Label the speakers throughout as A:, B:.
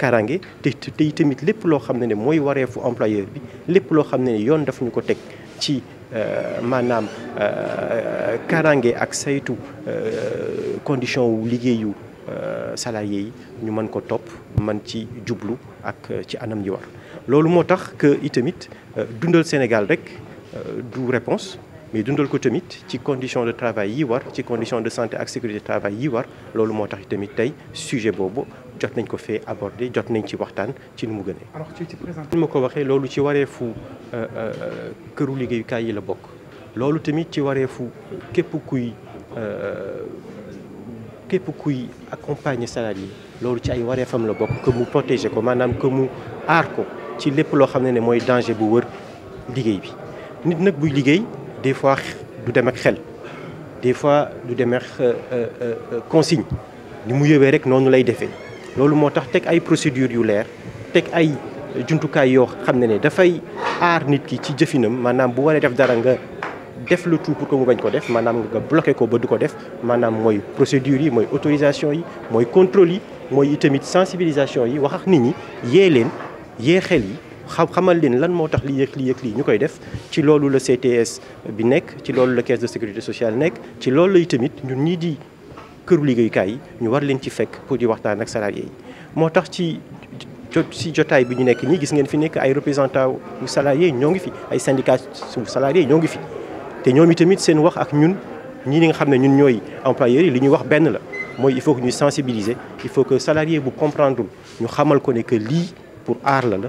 A: Karangé, té té tamit lépp lo xamné ne ne mooy employeur bi lépp lo xamné yoon daf ñu ko ci euh, euh, karangé ak saytu euh, condition wu liggéeyu salarié yi ñu ko ci jublu ak ci anam yi war que itamit dundal Sénégal rek du réponse mais dundul ko tamit ci condition de travail yi war ci condition de santé ak sécurité travail yi war loolu moo tax tamit tey sujet boobu jot nañ ko fee aborder jot nañ ci waxtaan ci nu mu gënee. alors ci ci présentation ma ko waxee loolu ci wareefu euh, euh, këru liggéeyukaay yi la bokk loolu tamit ci wareefu képp kuy euh, képp kuy accompagner salarié yi loolu ci ay wareefam la bokk que mu protéger ko maanaam que mu aar ko ci lépp loo xam ne ne mooy danger bu wër liggéey bi nit nag buy liggéey des fois du dem ak xel des fois du dem ak euh, euh, euh, consigne ni mu yëwee rek noonu lay defee loolu moo tax teg ay procédures yu leer teg ay jumtukaay yoo xam ne ne dafay aar nit ki ci jëfinam maanaam bu waree def dara nga def le tout pour que mu bañ ko def maanaam nga bloqué ko ba du ko def maanaam mooy procédures yi mooy autorisation yi mooy contrôle yi mooy itamit sensibilisation yi wax ak nit ñi yee leen yee xam xamal leen lan moo tax lii yëg lii yëg lii ñu koy def ci loolu la CTS bi nekk ci loolu la caisse de sécurité sociale nekk ci loolu lay tamit ñun ñii di këru liggéeyukaay yi ñu war leen ci fekk pour di waxtaan ak salarié yi moo tax ci ci jotaay bi ñu nekk nii gis ngeen fi nekk ay représentants wu salarié ñoo ngi fi ay syndicat wu salarié ñoo ngi fi te ñoom itamit seen wax ak ñun ñii nga xam ne ñun ñooy employeurs yi li ñuy wax benn la mooy il faut que ñuy sensibiliser il faut que salarié bu comprendre ñu xamal ko ne que lii pour aar la la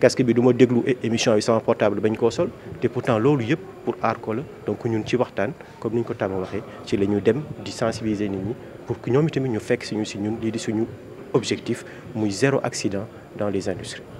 A: casque bi duma ma déglu émission bi sama portable bañ ko sol de pourtant lolu yëpp pour aar ko la donc ñun ci waxtaan comme ni ñu ko tàmm waxee ci lañu dem di sensibiliser nit ñi pour que ñoom itamit ñu fekk suñu ñu si ñun li di suñu objectif muy zéro accident dans les industries.